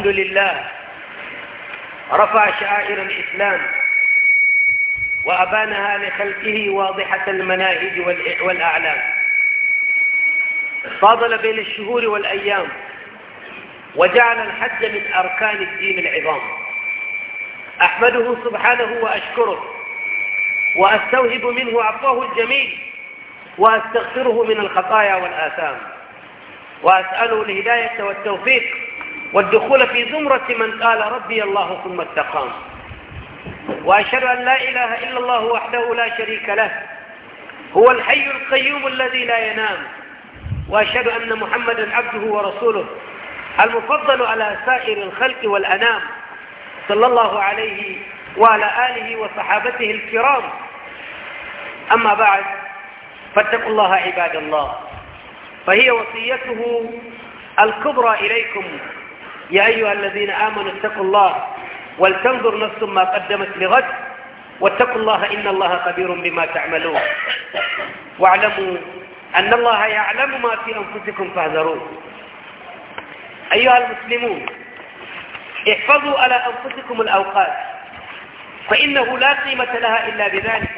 الحمد لله رفع شعائر الإسلام وأبانها لخلقه واضحة المناهج والأعلام فاضل بين الشهور والأيام وجعل الحج من أركان الدين العظام أحمده سبحانه وأشكره وأستوهب منه عفوه الجميل وأستغفره من الخطايا والآثام وأسأله الهداية والتوفيق والدخول في زمرة من قال ربي الله ثم التقام وأشهد أن لا إله إلا الله وحده لا شريك له هو الحي القيوم الذي لا ينام وأشهد أن محمدا عبده ورسوله المفضل على سائر الخلق والأنام صلى الله عليه وعلى آله وصحابته الكرام أما بعد فاتقوا الله عباد الله فهي وصيته الكبرى إليكم يا أيها الذين آمنوا اتقوا الله ولتنظر نفس ما قدمت لغد واتقوا الله إن الله خبير بما تعملون واعلموا أن الله يعلم ما في أنفسكم فاحذروه أيها المسلمون احفظوا على أنفسكم الأوقات فإنه لا قيمة لها إلا بذلك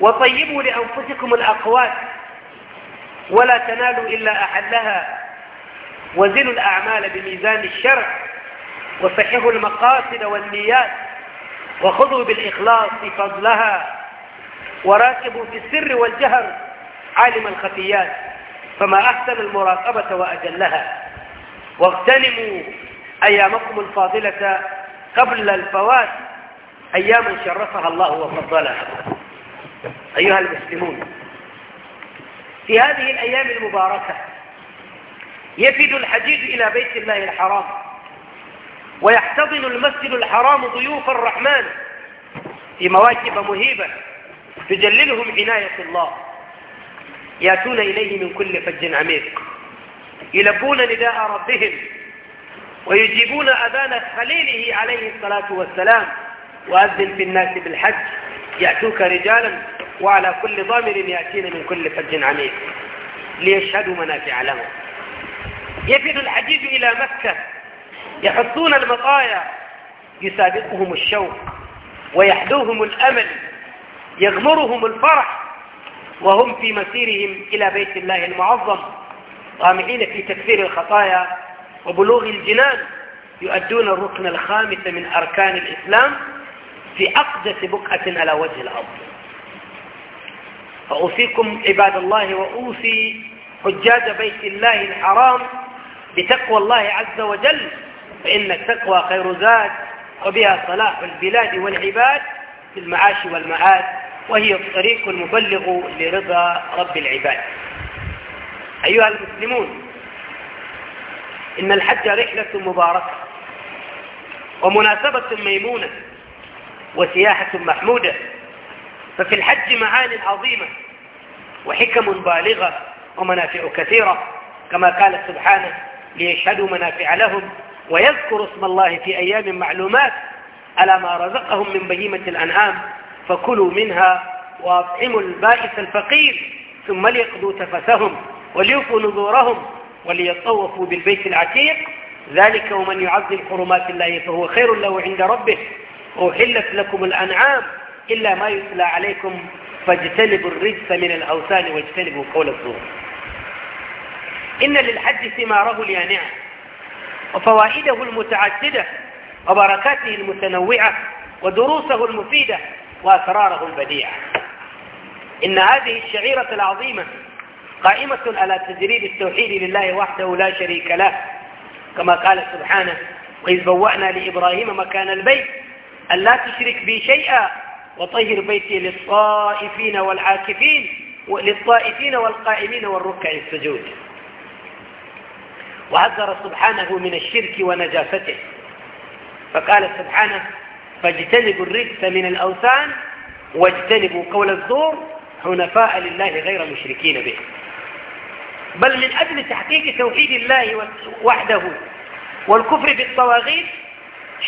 وطيبوا لأنفسكم الأقوات ولا تنالوا إلا أحلها وزنوا الأعمال بميزان الشرع وصححوا المقاصد والنيات وخذوا بالإخلاص فضلها وراكبوا في السر والجهر عالم الخفيات فما أحسن المراقبة وأجلها واغتنموا أيامكم الفاضلة قبل الفوات أيام شرفها الله وفضلها أيها المسلمون في هذه الأيام المباركة يفد الحجيج إلى بيت الله الحرام ويحتضن المسجد الحرام ضيوف الرحمن في مواكب مهيبة تجللهم عناية الله يأتون إليه من كل فج عميق يلبون نداء ربهم ويجيبون أذان خليله عليه الصلاة والسلام وأذن في الناس بالحج يأتوك رجالا وعلى كل ضامر يأتين من كل فج عميق ليشهدوا منافع لهم يفد الحجيج إلى مكة يحثون المطايا يسابقهم الشوق ويحدوهم الأمل يغمرهم الفرح وهم في مسيرهم إلى بيت الله المعظم طامعين في تكفير الخطايا وبلوغ الجنان يؤدون الركن الخامس من أركان الإسلام في أقدس بقعة على وجه الأرض فأوصيكم عباد الله وأوصي حجاج بيت الله الحرام بتقوى الله عز وجل فإن التقوى خير زاد وبها صلاح البلاد والعباد في المعاش والمعاد وهي الطريق المبلغ لرضا رب العباد أيها المسلمون إن الحج رحلة مباركة ومناسبة ميمونة وسياحة محمودة ففي الحج معان عظيمة وحكم بالغة ومنافع كثيرة كما قال سبحانه ليشهدوا منافع لهم ويذكروا اسم الله في أيام معلومات على ما رزقهم من بهيمة الأنعام فكلوا منها وأطعموا البائس الفقير ثم ليقضوا تفثهم وليوفوا نذورهم وليطوفوا بالبيت العتيق ذلك ومن يعظم حرمات الله فهو خير له عند ربه أحلت لكم الأنعام إلا ما يتلى عليكم فاجتنبوا الرجس من الأوثان واجتنبوا قول الزور إن للحج ثماره اليانعة وفوائده المتعددة وبركاته المتنوعة ودروسه المفيدة وأسراره البديعة إن هذه الشعيرة العظيمة قائمة على تجريد التوحيد لله وحده لا شريك له كما قال سبحانه وإذ بوأنا لإبراهيم مكان البيت ألا تشرك بي شيئا وطهر بيتي للطائفين والعاكفين للطائفين والقائمين والركع السجود وحذر سبحانه من الشرك ونجاسته فقال سبحانه فاجتنبوا الرجس من الأوثان واجتنبوا قول الزور حنفاء لله غير مشركين به بل من أجل تحقيق توحيد الله وحده والكفر بالطواغيت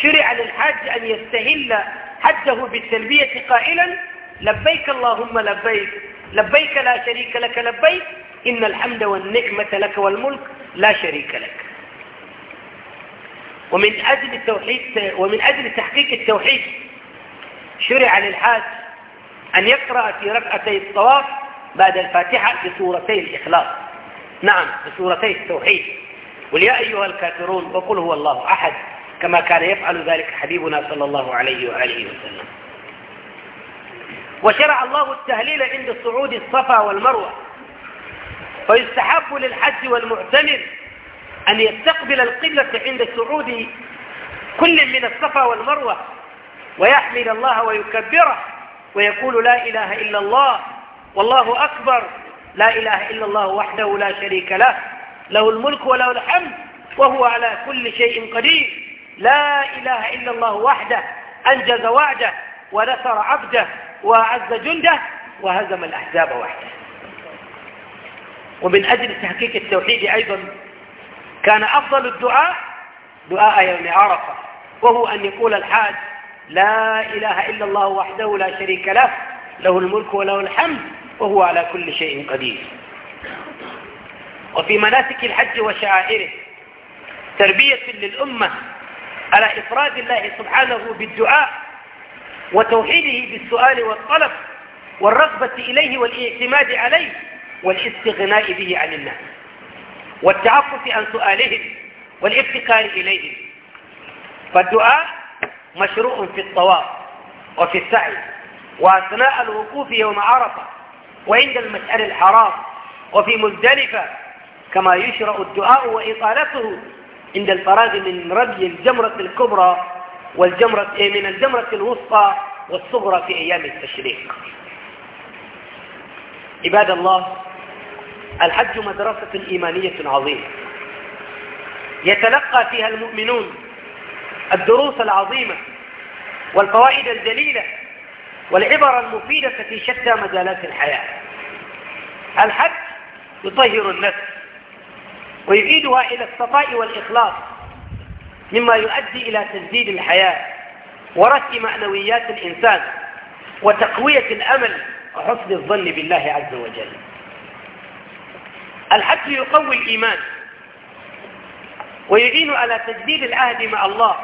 شرع للحاج أن يستهل حجه بالتلبية قائلا لبيك اللهم لبيك لبيك لا شريك لك لبيك إن الحمد والنعمة لك والملك لا شريك لك ومن أجل, التوحيد ومن أجل تحقيق التوحيد شرع للحاج أن يقرأ في ركعتي الطواف بعد الفاتحة بسورتي الإخلاص نعم بسورتي التوحيد قل يا أيها الكافرون وقل هو الله أحد كما كان يفعل ذلك حبيبنا صلى الله عليه وآله وسلم وشرع الله التهليل عند صعود الصفا والمروة فيستحب للحج والمعتمر أن يستقبل القبلة عند سعود كل من الصفا والمروة ويحمد الله ويكبره ويقول لا إله إلا الله والله أكبر لا إله إلا الله وحده لا شريك له له الملك وله الحمد وهو على كل شيء قدير لا إله إلا الله وحده أنجز وعده ونصر عبده وأعز جنده وهزم الأحزاب وحده ومن أجل تحقيق التوحيد أيضا كان أفضل الدعاء دعاء يوم عرفة وهو أن يقول الحاج لا إله إلا الله وحده لا شريك له له الملك وله الحمد وهو على كل شيء قدير وفي مناسك الحج وشعائره تربية للأمة على إفراد الله سبحانه بالدعاء وتوحيده بالسؤال والطلب والرغبة إليه والاعتماد عليه والاستغناء به عن الناس والتعفف عن سؤالهم والافتقار إليهم فالدعاء مشروع في الطواف وفي السعي وأثناء الوقوف يوم عرفة وعند المسأل الحرام وفي مزدلفة كما يشرع الدعاء وإطالته عند الفراغ من ربي الجمرة الكبرى والجمرة إيه، من الجمرة الوسطى والصغرى في أيام التشريق عباد الله الحج مدرسة إيمانية عظيمة يتلقى فيها المؤمنون الدروس العظيمة والفوائد الجليلة والعبر المفيدة في شتى مجالات الحياة الحج يطهر النفس ويعيدها إلى الصفاء والإخلاص مما يؤدي إلى تجديد الحياة ورث معنويات الإنسان وتقوية الأمل وحسن الظن بالله عز وجل الحج يقوي الإيمان ويعين على تجديد العهد مع الله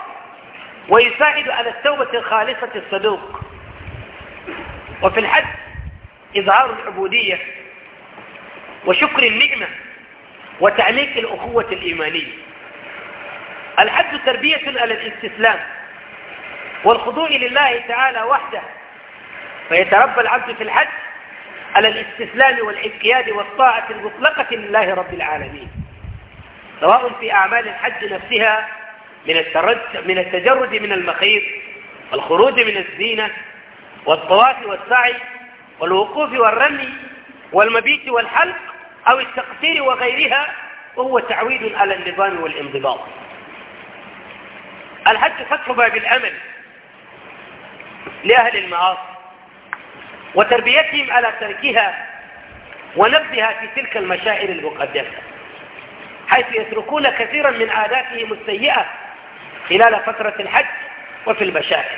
ويساعد على التوبة الخالصة الصدوق وفي الحج إظهار العبودية وشكر النعمة وتعليق الأخوة الإيمانية الحج تربية على الاستسلام والخضوع لله تعالى وحده فيتربى العبد في الحج على الاستسلام والانقياد والطاعة المطلقة لله رب العالمين سواء في أعمال الحج نفسها من من التجرد من المخيط والخروج من الزينة والطواف والسعي والوقوف والرمي والمبيت والحلق أو التقصير وغيرها وهو تعويد على النظام والانضباط الحج فتح باب الأمل لأهل المعاصي وتربيتهم على تركها ونبذها في تلك المشاعر المقدسة حيث يتركون كثيرا من عاداتهم السيئة خلال فترة الحج وفي المشاعر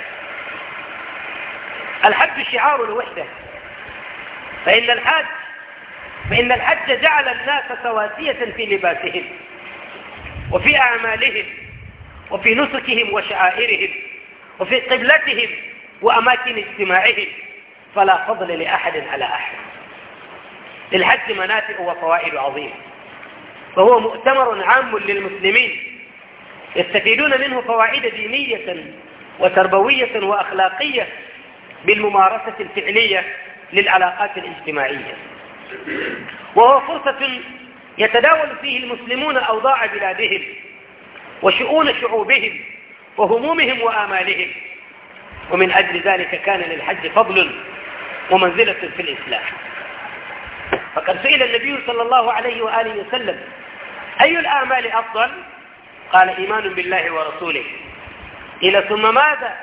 الحج شعار الوحدة فإن الحج فإن الحج جعل الناس سواسية في لباسهم وفي أعمالهم وفي نسكهم وشعائرهم وفي قبلتهم وأماكن اجتماعهم فلا فضل لأحد على أحد للحج منافع وفوائد عظيمة فهو مؤتمر عام للمسلمين يستفيدون منه فوائد دينية وتربوية وأخلاقية بالممارسة الفعلية للعلاقات الاجتماعية وهو فرصة يتداول فيه المسلمون أوضاع بلادهم وشؤون شعوبهم وهمومهم وآمالهم ومن أجل ذلك كان للحج فضل ومنزلة في الإسلام فقد سئل النبي صلى الله عليه وآله وسلم أي الآمال أفضل قال إيمان بالله ورسوله إلى ثم ماذا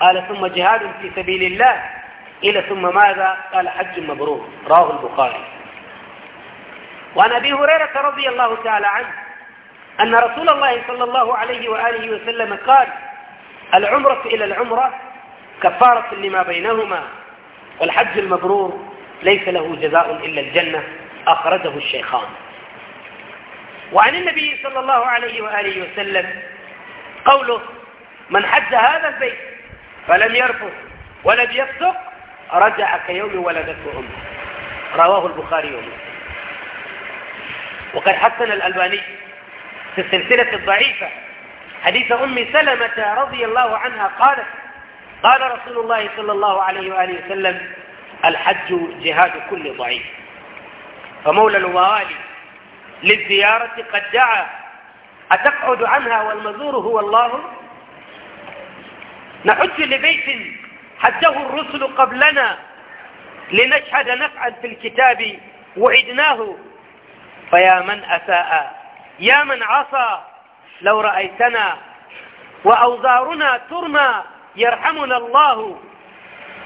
قال ثم جهاد في سبيل الله إلى ثم ماذا قال حج مبروك رواه البخاري وعن أبي هريرة رضي الله تعالى عنه أن رسول الله صلى الله عليه وآله وسلم قال العمرة إلى العمرة كفارة لما بينهما والحج المبرور ليس له جزاء إلا الجنة أخرجه الشيخان وعن النبي صلى الله عليه وآله وسلم قوله من حج هذا البيت فلم يرفض ولم يفسق رجع كيوم ولدته أمه رواه البخاري ومسلم وقد حسن الألباني في السلسلة الضعيفة حديث أم سلمة رضي الله عنها قالت قال رسول الله صلى الله عليه وآله وسلم الحج جهاد كل ضعيف فمولى الوالي للزيارة قد دعا أتقعد عنها والمزور هو الله نحج لبيت حجه الرسل قبلنا لنشهد نفعا في الكتاب وعدناه فيا من أساء يا من عصى لو رأيتنا وأوزارنا ترمى يرحمنا الله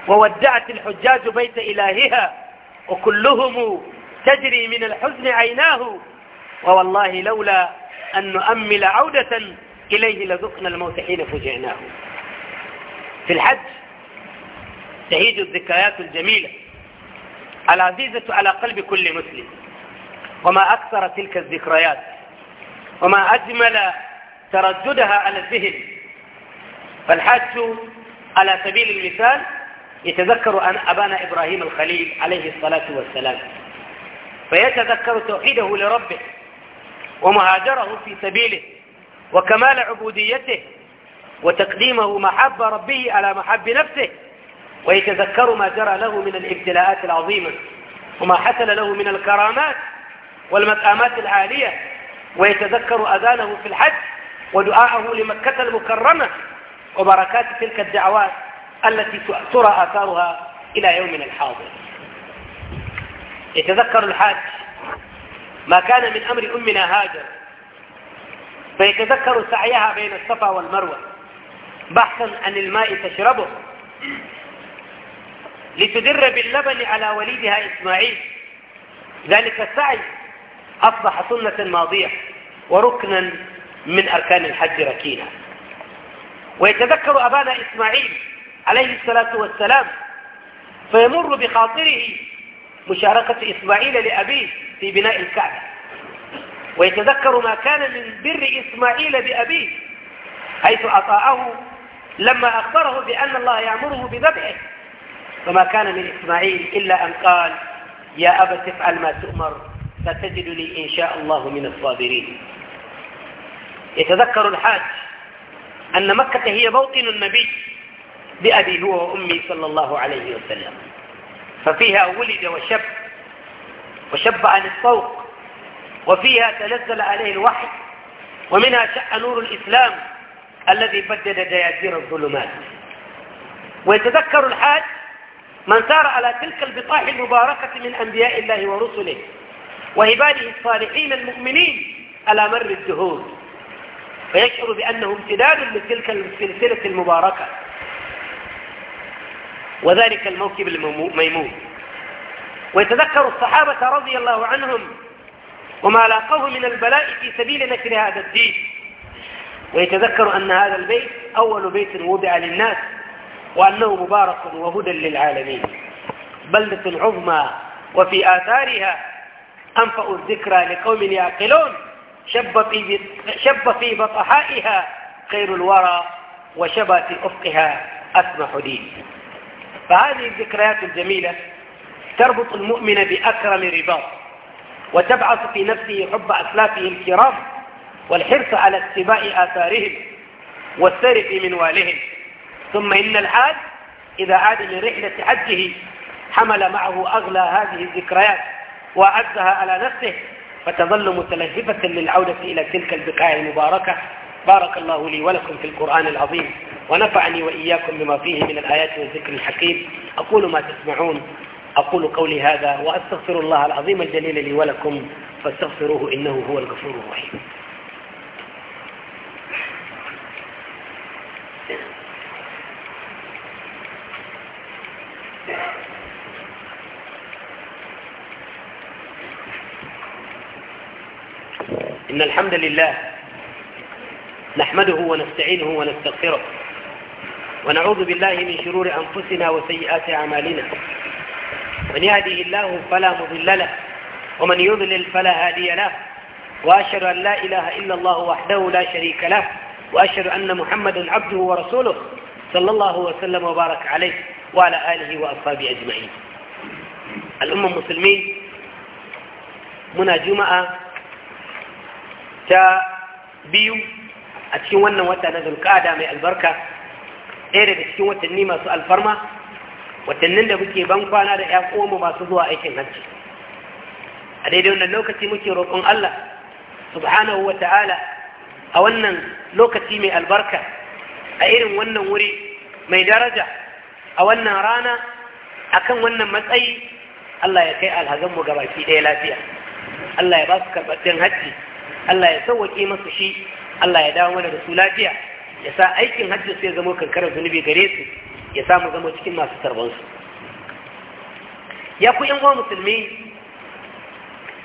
وودعت الحجاج بيت إلهها وكلهم تجري من الحزن عيناه ووالله لولا أن نؤمل عودة إليه لذقنا الموت حين فجعناه في الحج تهيج الذكريات الجميلة العزيزة على قلب كل مسلم وما أكثر تلك الذكريات وما أجمل ترددها على الذهن فالحاج على سبيل المثال يتذكر أن أبانا إبراهيم الخليل عليه الصلاة والسلام فيتذكر توحيده لربه ومهاجره في سبيله وكمال عبوديته وتقديمه محب ربه على محب نفسه ويتذكر ما جرى له من الابتلاءات العظيمة وما حصل له من الكرامات والمقامات العالية ويتذكر أذانه في الحج ودعاءه لمكة المكرمة وبركات تلك الدعوات التي ترى آثارها إلى يومنا الحاضر يتذكر الحاج ما كان من أمر أمنا هاجر فيتذكر سعيها بين الصفا والمروة بحثا عن الماء تشربه لتدر باللبن على وليدها إسماعيل ذلك السعي أصبح سنة ماضية وركنا من أركان الحج ركينا ويتذكر أبانا إسماعيل عليه الصلاة والسلام فيمر بخاطره مشاركة إسماعيل لأبيه في بناء الكعبة ويتذكر ما كان من بر إسماعيل بأبيه حيث أطاعه لما أخبره بأن الله يأمره بذبحه فما كان من إسماعيل إلا أن قال يا أبا تفعل ما تؤمر ستجدني إن شاء الله من الصابرين يتذكر الحاج أن مكة هي موطن النبي بأبي هو وأمي صلى الله عليه وسلم ففيها ولد وشب وشب عن الطوق وفيها تنزل عليه الوحي ومنها شأ نور الإسلام الذي بدد دياجير الظلمات ويتذكر الحاج من سار على تلك البطاح المباركة من أنبياء الله ورسله وعباده الصالحين المؤمنين على مر الدهور فيشعر بأنه امتداد لتلك السلسلة المباركة وذلك الموكب الميمون ويتذكر الصحابة رضي الله عنهم وما لاقوه من البلاء في سبيل نشر هذا الدين ويتذكر أن هذا البيت أول بيت وضع للناس وأنه مبارك وهدى للعالمين بلدة عظمى وفي آثارها أنفأ الذكرى لقوم يعقلون شب في, بطحائها خير الورى وشب في أفقها أسمى حديد فهذه الذكريات الجميلة تربط المؤمن بأكرم رباط وتبعث في نفسه حب أسلافه الكرام والحرص على اتباع آثارهم والسير في منوالهم ثم إن الحاج إذا عاد لرحلة حجه حمل معه أغلى هذه الذكريات وأعزها على نفسه فتظل متلهفة للعودة إلى تلك البقاع المباركة بارك الله لي ولكم في القرآن العظيم ونفعني وإياكم بما فيه من الآيات والذكر الحكيم أقول ما تسمعون أقول قولي هذا وأستغفر الله العظيم الجليل لي ولكم فاستغفروه إنه هو الغفور الرحيم إن الحمد لله نحمده ونستعينه ونستغفره ونعوذ بالله من شرور أنفسنا وسيئات أعمالنا من يهده الله فلا مضل له ومن يضلل فلا هادي له وأشهد أن لا إله إلا الله وحده لا شريك له وأشهد أن محمدا عبده ورسوله صلى الله وسلم وبارك عليه وعلى آله وأصحابه أجمعين الأمة المسلمين منا جمعة ta biyu a cikin wannan wata na zulƙada mai albarka ɗaya daga cikin watanni masu alfarma watannin da muke ban kwana da ƴan uwanmu masu zuwa aikin hajji a daidai wannan lokaci muke roƙon Allah subhanahu wa ta'ala a wannan lokaci mai albarka a irin wannan wuri mai daraja a wannan rana akan wannan matsayi Allah ya kai alhazanmu gabaki ɗaya lafiya Allah ya ba su karɓaɓɓen hajji Allah ya sauwaƙe masa shi Allah ya dawo mana da su lafiya ya sa aikin hajji sai zama kankarar zunubi gare su ya sa mu zama cikin masu tarbansu ya ku yan musulmi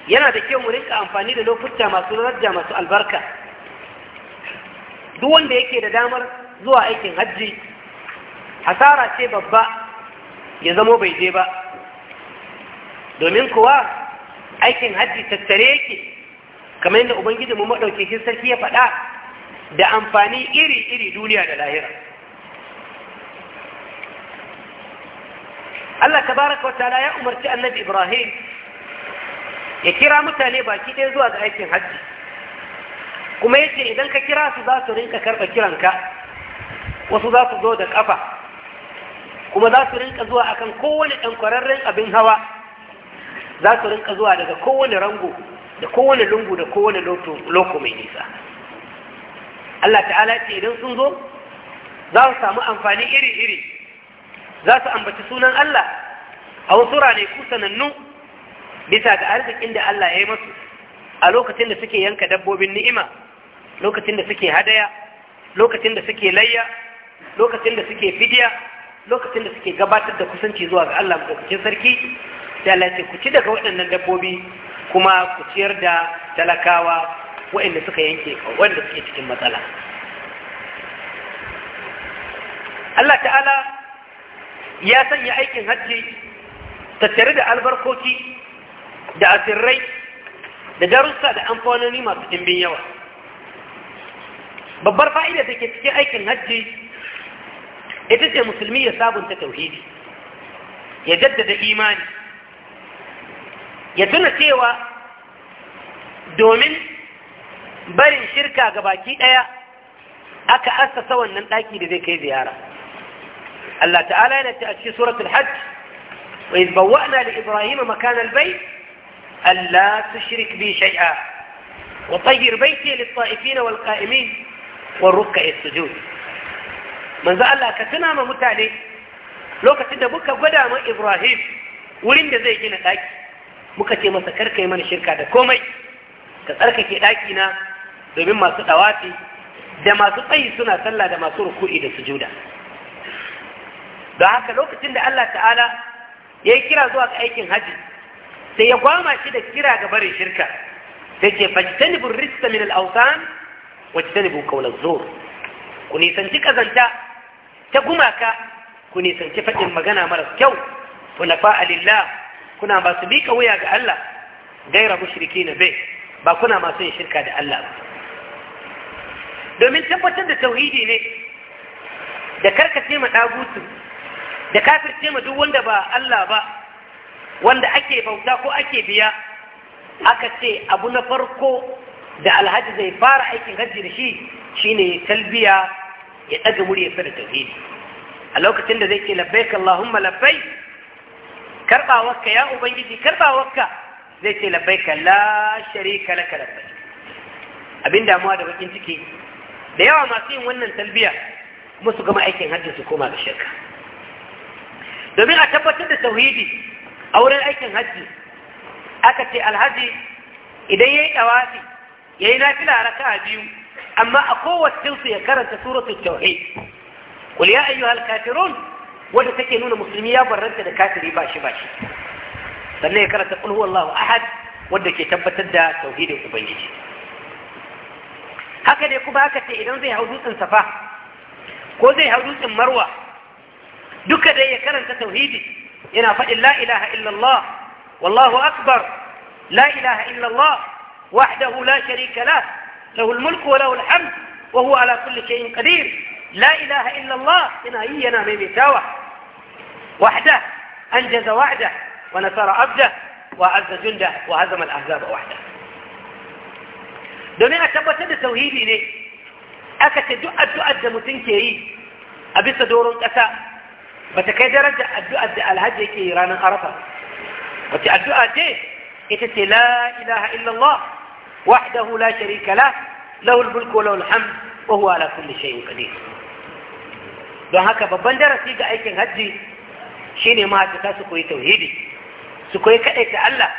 yana da kyau mu rinka amfani da lokuta masu rajja masu albarka duk wanda yake da damar zuwa aikin hajji hasara ce babba ya zamo bai je ba domin kuwa aikin hajji tattare yake kamar yadda ubangiji mu madaukakin sarki ya faɗa da amfani iri-iri duniya da lahira Allah Ta baraka ta'ala ya umarci annabi Ibrahim ya kira mutane baki ɗaya zuwa ga aikin hajji kuma yace idan ka kira su za su rinka karɓa kiranka wasu za su zo da ƙafa kuma za su rinka zuwa akan kowane ɗan abin hawa za su rinka zuwa daga kowane rango da kowane lungu da kowane loko mai nisa Allah ta'ala ce idan sun zo za su samu amfani iri-iri za su ambaci sunan Allah a wasu rane sanannu bisa ga arzikin da Allah ya yi masu a lokacin da suke yanka dabbobin ni'ima lokacin da suke hadaya lokacin da suke layya lokacin da suke fidiya lokacin da suke gabatar da kusanci zuwa ga Allah madaukakin sarki da Allah ku ci daga waɗannan dabbobi kuma ku ciyar da talakawa waɗanda suka yanke waɗanda suke cikin matsala Allah ta'ala ya sanya aikin hajji tattare da albarkoki da asirrai da darussa da amfanoni masu ɗimbin yawa babbar fa'ida da ke cikin aikin hajji ita ce musulmi ya sabunta tauhidi ya jaddada imani ya tuna cewa domin barin shirka ga baki ɗaya aka asasa wannan ɗaki da zai kai ziyara Allah ta'ala yana ta a cikin suratul hajj wa iz bawwa'na li ibrahima makan al-bayt alla tushrik bi shay'a wa tayyir bayti lit-ta'ifin wal-qa'imin war-ruk'a as-sujud manzo Allah ka tuna ma mutane lokacin da muka gwada ma Ibrahim wurin da zai gina ɗaki muka ce masa karka yi mana shirka da komai ka tsarkake ɗakina domin masu ɗawafi da masu tsayi suna sallah da masu ruku'i da sujuda don haka lokacin da Allah ta'ala ya yi kira zuwa ga aikin hajji sai ya kwama shi da kira ga barin shirka sai ce fajtanibu rista min al'autan wajitani wajtanibu qawl zuwa ku nisanci kazanta ta gumaka ku nisanci faɗin magana maras kyau hunafa alillah kuna masu miƙa wuya ga Allah gaira mushriki na bai ba kuna masu yin shirka da Allah domin tabbatar da tauhidi ne da karkace ma dagutu da kafirce ma duk wanda ba Allah ba wanda ake bauta ko ake biya aka ce abu na farko da alhaji zai fara aikin hajji da shi shine talbiya ya daga wuri ya tauhidi a lokacin da zai ce labbaik Allahumma labbaik karɓawarka ya ubangiji karɓawarka zai ce labbaika la sharika laka labbaik abin damuwa da bakin ciki da yawa masu yin wannan talbiya kuma su gama aikin hajji su koma da shirka domin a tabbatar da tauhidi a wurin aikin hajji aka ce alhaji idan ya yi ɗawafi ya yi nafila raka a biyu amma a kowace su ya karanta suratul tauhid qul ya ayyuhal kafirun wadda take nuna musulmi ya barranta da kafiri ba shi ba shi sannan ya karanta qul huwallahu ahad wadda ke tabbatar da tauhidin ubangiji haka dai kuma haka ce idan zai hau dutsen safa ko zai hau dutsen marwa duka dai ya karanta tauhidi yana faɗin la ilaha illallah wallahu akbar la ilaha illallah wahdahu la sharika la lahu almulku wa lahu alhamd wa huwa ala kulli shay'in qadir la ilaha illallah yana yi yana maimaitawa وحده أنجز وعده ونصر أبده واعز جنده وهزم الاحزاب وحده دوني أتبوت هذا توهيبي لي أكت الدعاء الدعاء الدمتين كي أبس دور القساء بتكي درجة الدعاء الهجي كي رانا أرفا وتي الدعاء تي لا إله إلا الله وحده لا شريك له له الملك وله الحمد وهو على كل شيء قدير دوهاك ببندرة تيجا أيكي هجي Shi shine ma'aikata su koyi tauhidi su koyi kaɗaita Allah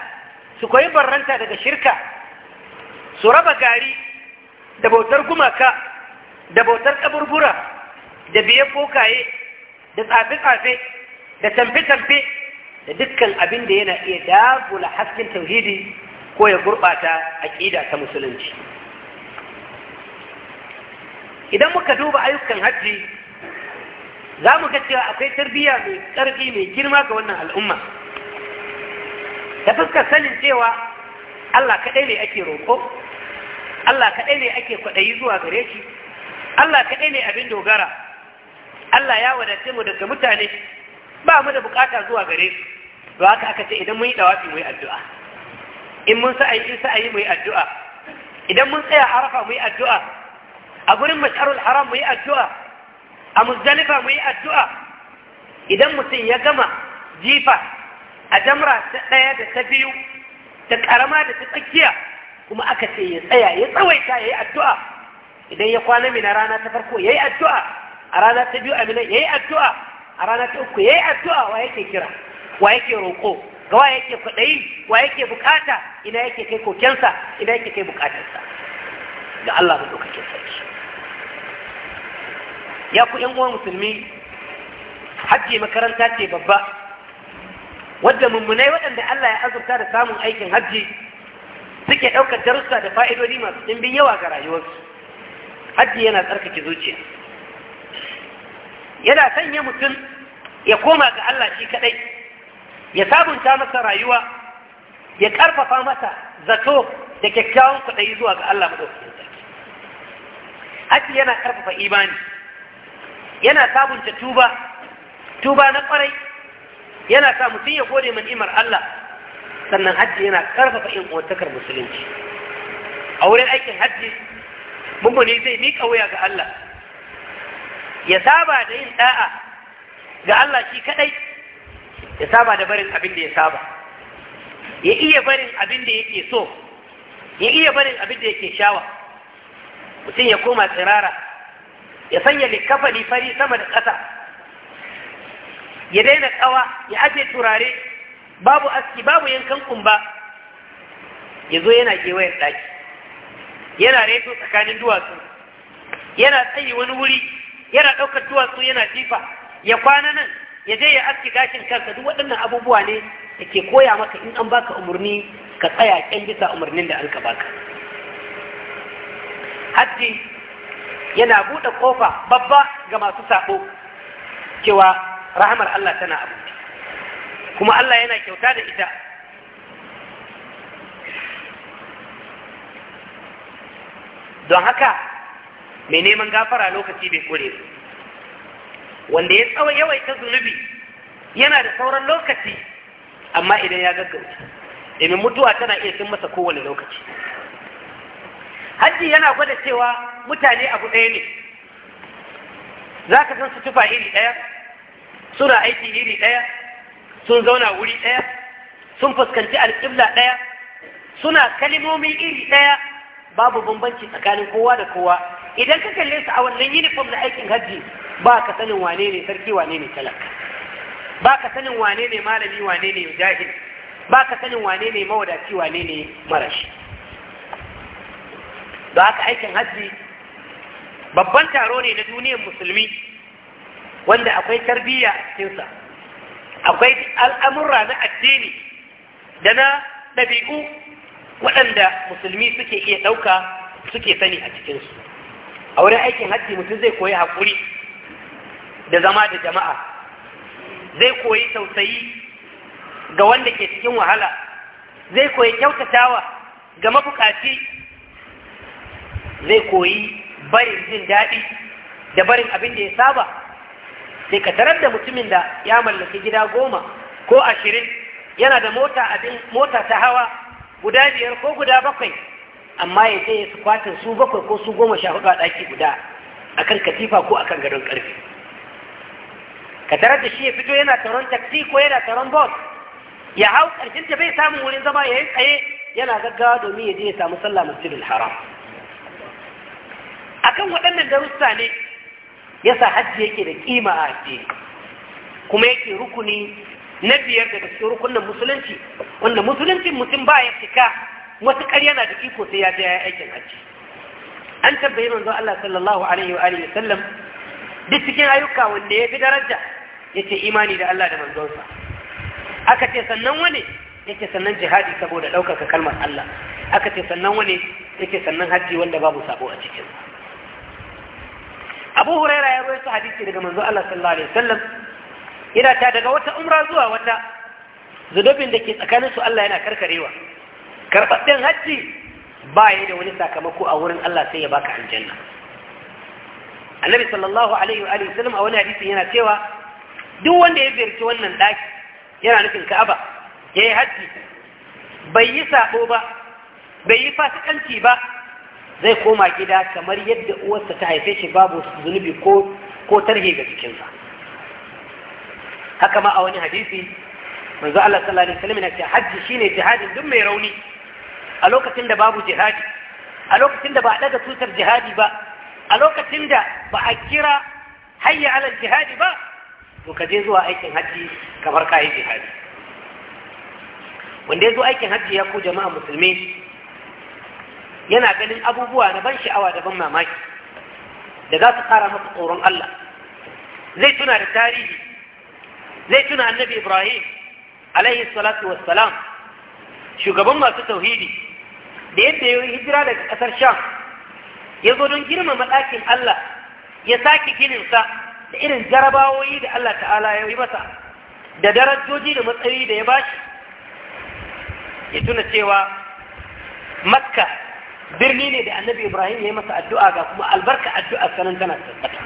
su koyi barranta daga shirka su raba gari da bautar gumaka da bautar ƙaburbura da biye kokaye da tsafe-tsafe da tamfe-tamfe da dukkan abin da yana iya dagula hasken tauhidi ko ya gurɓata aƙida ta musulunci idan muka duba ayyukan hajji za mu ga cewa akwai tarbiyya mai ƙarfi mai girma ga wannan al'umma da fuskar sanin cewa Allah kaɗai ne ake roƙo Allah kaɗai ne ake kwaɗayi zuwa gare shi Allah kaɗai ne abin dogara Allah ya wadace mu daga mutane ba mu da bukata zuwa gare su ba haka aka ce idan mun yi dawafi mu yi addu'a in mun sa'ayi in sa'ayi mu yi addu'a idan mun tsaya arafa mu yi addu'a a gurin masharul haram mu yi addu'a a muzdalifa mu yi addu'a idan mutum ya gama jifa a jamra ta ɗaya da ta biyu ta ƙarama da ta tsakiya kuma aka ce ya tsaya ya tsawaita ya yi addu'a idan ya kwana mina rana ta farko ya yi addu'a a rana ta biyu a mina ya yi addu'a a rana ta uku ya yi addu'a wa yake kira wa yake roƙo ga wa yake kwaɗayi wa yake bukata ina yake kai kokensa ina yake kai bukatarsa ga Allah mu ɗaukakin sarki ya ku ‘yan uwan musulmi hajji makaranta ce babba wadda mummunai waɗanda Allah ya azurta da samun aikin hajji suke ɗaukar darussa da fa'idodi masu ɗimbin yawa ga rayuwarsu hajji yana tsarkake zuciya yana sanya mutum ya koma ga Allah shi kaɗai ya sabunta masa rayuwa ya ƙarfafa masa zato da kyakkyawan kuɗai zuwa ga Allah maɗaukakin sarki hajji yana ƙarfafa imani yana sabunta tuba tuba na kwarai yana sa mutum ya gode man imar Allah sannan hajji yana karfafa in uwantakar musulunci a wurin aikin hajji mummuni zai miƙa wuya ga Allah ya saba da yin ɗa'a ga Allah shi kaɗai, ya saba da barin abin da ya saba ya iya barin abin da yake so ya iya barin abin da yake shawa mutum ya koma tsirara ya sanya likafani fari sama da ƙasa ya daina ƙawa ya aje turare babu aski babu yankan kumba ya zo yana kewayen ɗaki yana reto tsakanin duwatsu yana tsaye wani wuri yana ɗaukar duwatsu yana jifa ya kwana nan ya je ya aski gashin kanka duk waɗannan abubuwa ne da ke koya maka in an baka umarni ka tsaya ƙyan bisa umarnin da an ka baka hajji yana buɗe kofa babba ga masu sabo cewa rahamar Allah tana abu kuma Allah yana kyauta da ita don haka mai neman gafara lokaci bai kure wanda ya tsawo yawaita zunubi yana da sauran lokaci amma idan ya gaggauta domin mutuwa tana iya cin masa kowane lokaci hajji yana gwada cewa mutane abu ɗaya ne za ka san su tufa iri ɗaya suna aiki iri ɗaya sun zauna wuri ɗaya sun fuskanci alƙibla ɗaya suna kalimomi iri ɗaya babu bambanci tsakanin kowa da kowa idan ka kalle su a wannan uniform na aikin hajji ba ka sanin wane ne sarki wane ne talaka ba ka sanin wane ne malami wane ne jahil ba ka sanin wane ne mawadaci wane ne marashi da haka aikin hajji babban taro ne na duniyar musulmi wanda akwai tarbiyya a cikinsa akwai al'amurra na addini da na ɗabi'u waɗanda musulmi suke iya ɗauka suke sani a cikinsu a wurin aikin hajji mutum zai koyi haƙuri da zama da jama'a zai koyi tausayi ga wanda ke cikin wahala zai koyi kyautatawa ga mafukaci zai koyi barin jin daɗi da barin abin da ya saba sai ka tarar da mutumin da ya mallaki gida goma ko ashirin yana da mota abin mota ta hawa guda biyar ko guda bakwai amma ya su kwatin su bakwai ko su goma sha hudu a ɗaki guda akan katifa ko akan gadon ƙarfi. ka tarar da shi ya fito yana taron taxi ko yana taron bus ya hau ƙarshen ta bai samun wurin zama ya yi tsaye yana gaggawa domin ya je ya samu sallah masjidul haram akan waɗannan darussa ne yasa hajji yake da kima a Hajji, kuma yake rukuni na biyar daga cikin rukunan musulunci wanda musuluncin mutum ba ya fika matuƙar yana da iko sai ya je ya aikin hajji an tabbayi manzo Allah sallallahu alaihi wa alihi sallam duk cikin ayyuka wanda ya fi daraja yace imani da Allah da manzonsa aka ce sannan wani yake sannan jihadi saboda ɗaukaka kalmar Allah aka ce sannan wani yake sannan hajji wanda babu sabo a cikinsa abu huraira ya su hadisi daga manzo Allah sallallahu alaihi wasallam yana ta daga wata umra zuwa wata zudubin da ke tsakanin su Allah yana karkarewa Karɓaɓɓen hajji ba yi da wani sakamako a wurin Allah sai ya baka aljanna annabi sallallahu alaihi wa sallam a wani hadisi yana cewa duk wanda ya ziyarci wannan ɗaki yana nufin ka'aba ya yi hajji bai yi sabo ba bai yi fasikanci ba zai koma gida kamar yadda uwarsa ta haife shi babu zunubi ko ko tarhe ga jikinsa haka ma a wani hadisi manzo Allah sallallahu alaihi wasallam yana ce hajji shine jihadin duk mai rauni a lokacin da babu jihadi a lokacin da ba a daga tutar jihadi ba a lokacin da ba a kira hayya ala jihadi ba to ka je zuwa aikin hajji kamar kai jihadi wanda ya zo aikin hajji ya ku jama'a musulmi yana ganin abubuwa na ban sha'awa da ban mamaki da za su kara masa tsoron Allah zai tuna da tarihi zai tuna annabi Ibrahim alaihi salatu wassalam shugaban masu tauhidi da yadda ya yi hijira daga ƙasar Sham ya zo don girmama ɗakin Allah ya sake gininsa da irin jarabawoyi da Allah ta'ala ya yi masa da darajoji da matsayi da ya bashi ya tuna cewa makka birni ne da annabi ibrahim ya yi masa addu'a ga kuma albarka addu'a sanan tana tabbata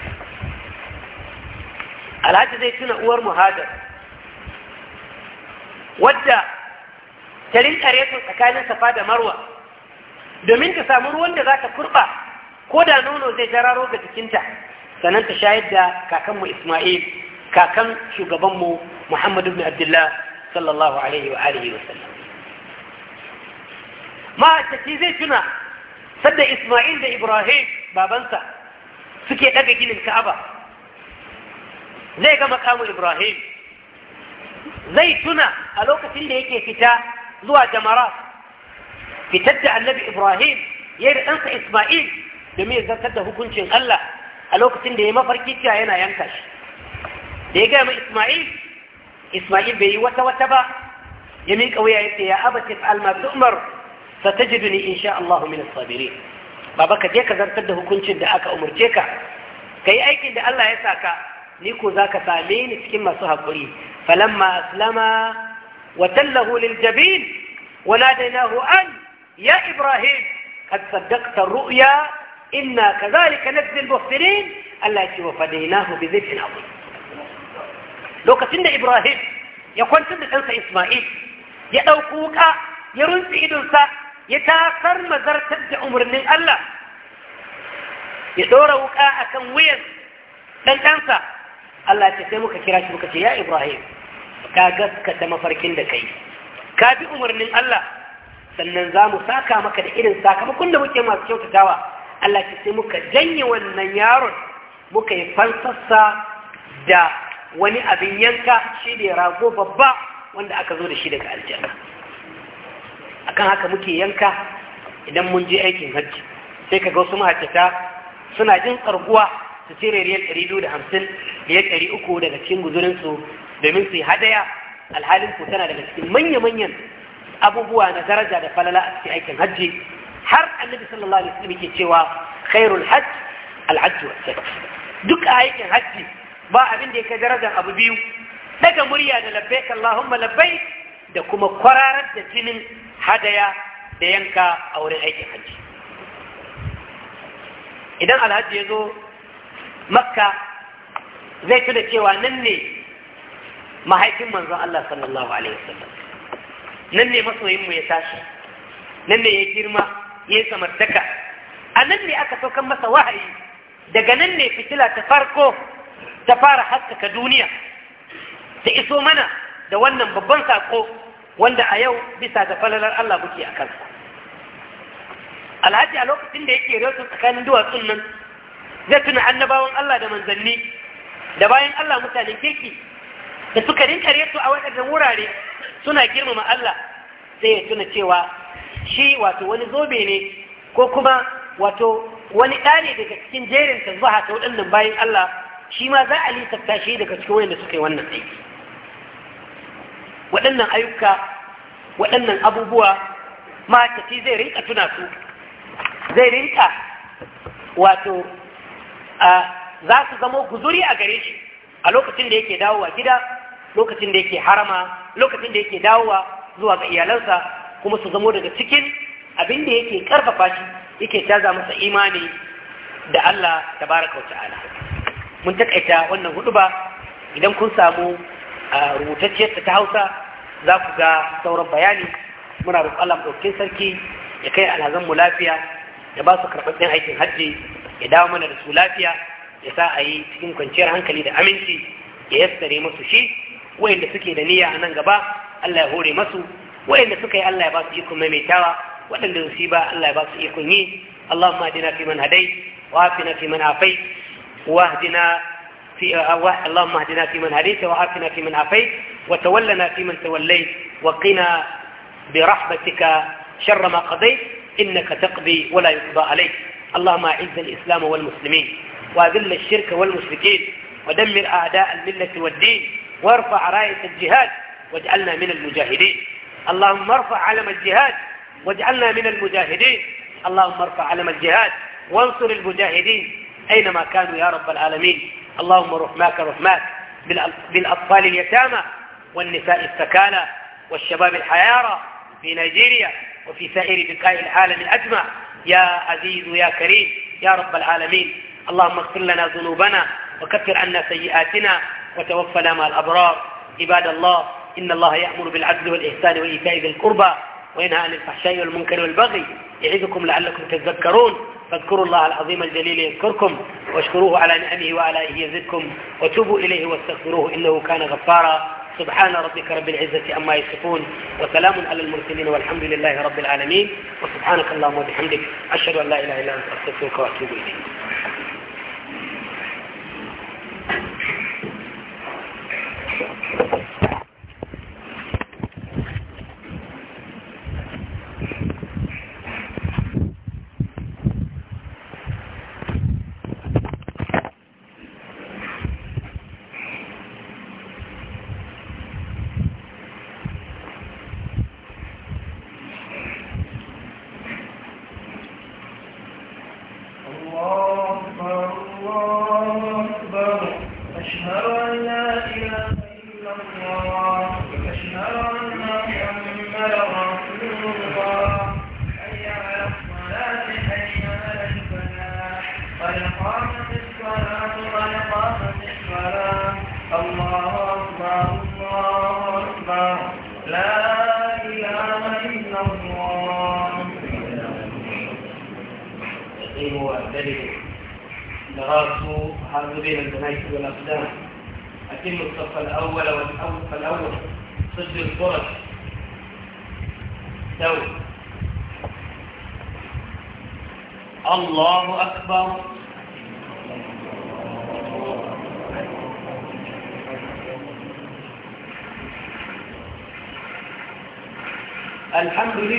alhaji zai tuna uwar muhajar wadda ta rinka resun tsakanin safa da marwa domin ta samu ruwan da za ta kurɓa ko da nono zai jararo ga jikinta sannan ta shayar da kakanmu isma'il kakan shugabanmu muhammadu bin abdullah sallallahu alaihi wa alihi wa sallam zai tuna sadda Ismail da Ibrahim babansa suke daga ginin Ka'aba zai ga makamu Ibrahim zai tuna a lokacin da yake fita zuwa jamara fitar da annabi Ibrahim ya da ɗansa Ismail domin ya zartar da hukuncin Allah a lokacin da ya mafarki cewa yana yanka shi da ya gama Ismail Ismail bai yi wata wata ba ya miƙa wuya ya ce ya abati Umar. ستجدني إن شاء الله من الصابرين بابا كديك زرتد هكونش دعاك أمرتك كي أيكي دع الله يساك نيكو ذاك سامين كما صحبري فلما أسلم وتله للجبين وناديناه أن يا إبراهيم قد صدقت الرؤيا إنا كذلك نجزي المغفرين التي وفديناه بذبح عظيم لو كنت إبراهيم يكون تند أنت إسماعيل يدوكوك يرنس إدنسا ya tasar mazartar da umarnin Allah ya ɗora wuƙa a kan wuyan ɗanɗansa Allah ce sai muka kira shi muka ce ya Ibrahim ka gaskata mafarkin da kai ka bi umarnin Allah sannan za mu saka maka da irin sakamakon da muke masu kyautatawa Allah ce sai muka janye wannan yaron muka yi fansassa da wani abin yanka shi da rago babba wanda aka zo da shi daga aljanna akan haka muke yanka idan mun je aikin hajji sai kaga wasu mahajjata suna jin tsarguwa su cire riyal 250 riyal 300 daga cikin guzurinsu domin su yi hadaya alhalin ku tana daga cikin manya-manyan abubuwa na daraja da falala a cikin aikin hajji har annabi sallallahu alaihi wasallam yake cewa khairul hajj al hajj wa duk aikin hajji ba abin da yake darajar abu biyu daga murya da labbaik allahumma labbaik da kuma kwararar da jinin hadaya da yanka a wurin aikin hajji idan alhaji ya zo makka zai tuna cewa nan ne mahaifin manzon Allah sallallahu alaihi wasallam nan ne masoyinmu ya tashi nan ne ya girma ya samartaka a nan ne aka saukan masa wahayi daga nan ne fitila ta farko ta fara haskaka duniya ta iso mana da wannan babban sako wanda a yau bisa ta falalar Allah muke a kansa alhaji a lokacin da yake resu tsakanin duwatsun nan zai tuna annabawan Allah da manzanni da bayan Allah mutanen kirki da suka rinka a waɗannan wurare suna girmama Allah sai ya tuna cewa shi wato wani zobe ne ko kuma wato wani ɗane daga cikin jerin zuwa ta waɗannan bayan Allah shi ma za a lisafta shi daga cikin wanda suka yi wannan aiki waɗannan ayyuka waɗannan abubuwa ma'aikaci zai rinka tuna su zai rinka wato za su zama guzuri a gare shi a lokacin da yake dawowa gida lokacin da yake harama lokacin da yake dawowa zuwa ga iyalansa kuma su zamo daga cikin abin da yake karfafa shi yake taza masa imani da Allah baraka wata ala, mun takaita wannan hudu ba idan kun samu a rubutacciyarta ta hausa za ku ga sauran bayani muna roƙon Allah sarki ya kai alhazan mu lafiya ya ba su karɓaɓɓen aikin hajji ya dawo mana da su lafiya ya sa a yi cikin kwanciyar hankali da aminci ya yassare musu shi wayanda suke da niyya a nan gaba Allah ya hore masu wayanda suka yi Allah ya ba su ikon maimaitawa waɗanda su ba Allah ya ba su ikon yi اللهم اهدنا فيمن هديت وعافنا فيمن عافيت واهدنا في أرواح آه، آه، اللهم اهدنا فيمن هديت وعافنا فيمن عافيت وتولنا فيمن توليت وقنا برحمتك شر ما قضيت إنك تقضي ولا يقضى عليك اللهم أعز الإسلام والمسلمين وأذل الشرك والمشركين ودمر أعداء الملة والدين وارفع راية الجهاد واجعلنا من المجاهدين اللهم ارفع علم الجهاد واجعلنا من المجاهدين اللهم ارفع علم الجهاد وانصر المجاهدين أينما كانوا يا رب العالمين اللهم رحماك رحماك بالأطفال اليتامى والنساء السكانى والشباب الحيارى في نيجيريا وفي سائر بقاع العالم الأجمع يا عزيز يا كريم يا رب العالمين اللهم اغفر لنا ذنوبنا وكفر عنا سيئاتنا وتوفنا مع الأبرار عباد الله إن الله يأمر بالعدل والإحسان وإيتاء ذي القربى وينهى عن الفحشاء والمنكر والبغي يعظكم لعلكم تذكرون فاذكروا الله العظيم الجليل يذكركم واشكروه على نعمه وآلائه يزدكم وتوبوا إليه واستغفروه إنه كان غفارا سبحان ربك رب العزة عما يصفون وسلام على المرسلين والحمد لله رب العالمين وسبحانك اللهم وبحمدك أشهد أن لا إله إلا أنت أستغفرك وأتوب إليك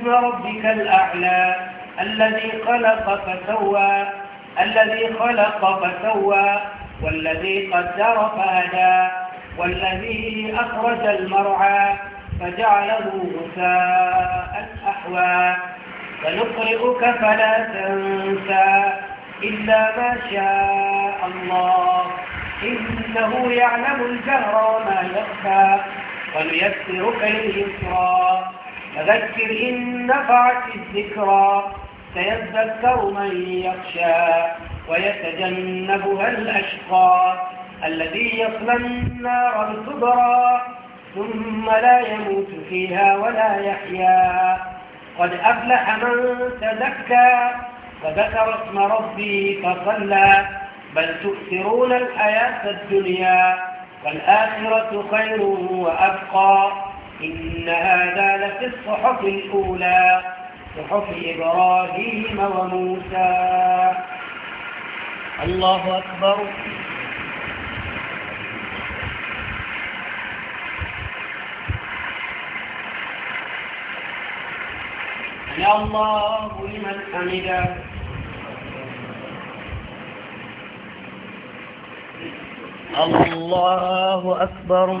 اسم ربك الأعلى الذي خلق فسوى الذي خلق فسوى والذي قدر فهدى والذي أخرج المرعى فجعله غثاء أحوى سنقرئك فلا تنسى إلا ما شاء الله إنه يعلم الجهر وما يخفى ونيسرك للإسراء فذكر إن نفعت الذكرى سيذكر من يخشى ويتجنبها الأشقى الذي يصلى النار الكبرى ثم لا يموت فيها ولا يحيا قد أفلح من تزكى فذكر اسم ربي فصلى بل تؤثرون الحياة الدنيا والآخرة خير وأبقى إن هذا لفي الصحف الأولى صحف إبراهيم وموسى الله أكبر يا الله لمن حمده الله أكبر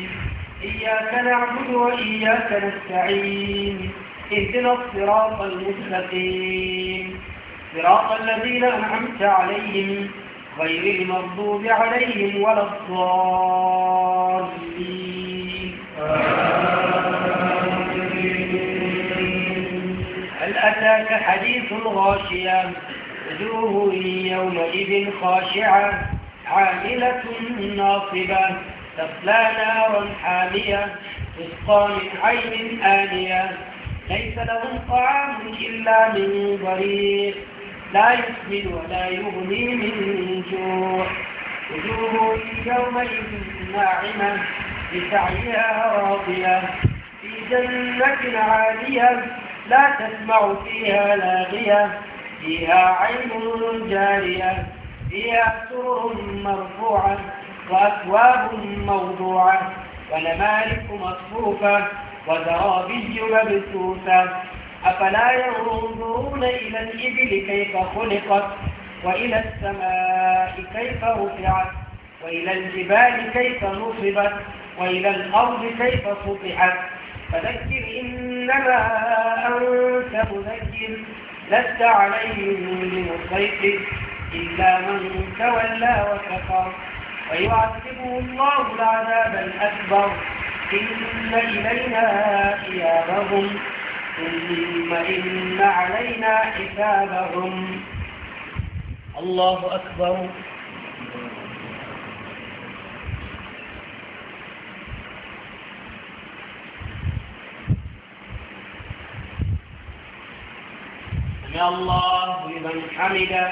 إياك نعبد وإياك نستعين اهدنا الصراط المستقيم صراط الذين أنعمت عليهم غير المغضوب عليهم ولا الضالين هل أتاك حديث غاشية وجوه يومئذ خاشعة عاملة ناصبة تصلى نارا حامية تسقى من عين آنية ليس لهم طعام إلا من ضريع لا يسمن ولا يغني من جوع وجوه يومئذ ناعمة لسعيها راضية في جنة عالية لا تسمع فيها لاغية فيها عين جارية فيها سور مرفوعة وأكواب موضوعة ونمالك مصفوفة وزرابي مبثوثة أفلا ينظرون إلى الإبل كيف خلقت وإلى السماء كيف رفعت وإلى الجبال كيف نصبت وإلى الأرض كيف سطحت فذكر إنما أنت مذكر لست عليهم بمسيطر إلا من تولى وكفر ويعذبه الله العذاب الأكبر إن إلينا إيابهم ثم إن علينا حسابهم الله أكبر سمع الله لمن حمده